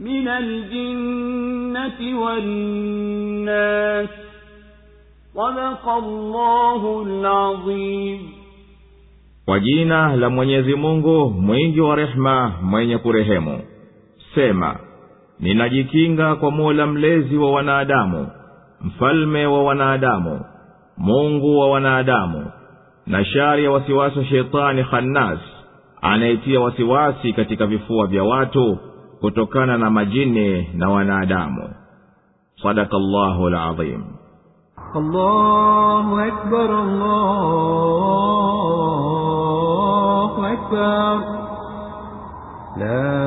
من الجنة والناس صدق الله العظيم kwa jina la mwenyezi mungu mwingi wa rehema mwenye kurehemu sema ninajikinga kwa mola mlezi wa wanadamu mfalme wa wanadamu mungu wa wanadamu na shari ya wasiwasi wa sheitani khannas anayetia wasiwasi katika vifua vya watu kutokana na majini na wanadamu sadaka llahu ladhim allahu akbar, allahu akbar. La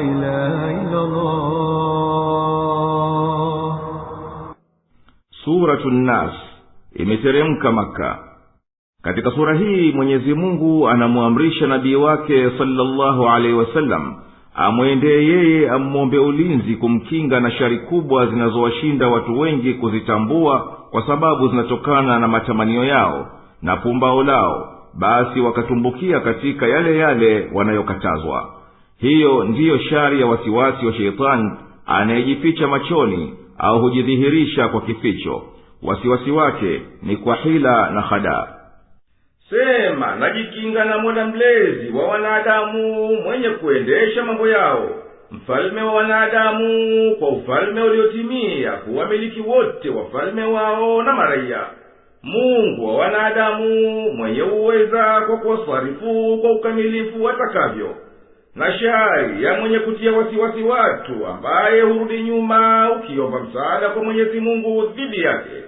ilaha illa Allah. Suratu Nas imeteremka Makka katika sura hii mwenyezi mungu anamwamrisha nabii wake salllahu alaihi wasallam amwendee yeye ammombe ulinzi kumkinga na shari kubwa zinazowashinda watu wengi kuzitambua kwa sababu zinatokana na matamanio yao na pumbao lao basi wakatumbukia katika yale yale wanayokatazwa hiyo ndiyo shari ya wasiwasi wa sheitani anayejificha machoni au hujidhihirisha kwa kificho wasiwasi wake ni kwa hila na hadaa sema najikinga na mola mlezi wa wanadamu mwenye kuendesha mambo yawo mfalme wa wanadamu kwa ufalme uliotimia kuwamiliki wote wafalme wawo na maraiya mungu wa wanadamu mwenye uweza kwa kuwasarifu kwa ukamilifu watakavyo na shari ya mwenye kutia wasiwasi watu ambaye hurudi nyuma ukiomba msaada kwa mwenyezi mungu dhidi yake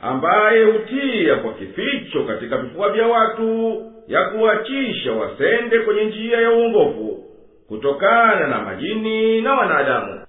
ambaye hutiya kwa kificho katika vifua vya watu ya kuwachisha wasende kwenye njia ya uongovu kutokana na majini na wanadamu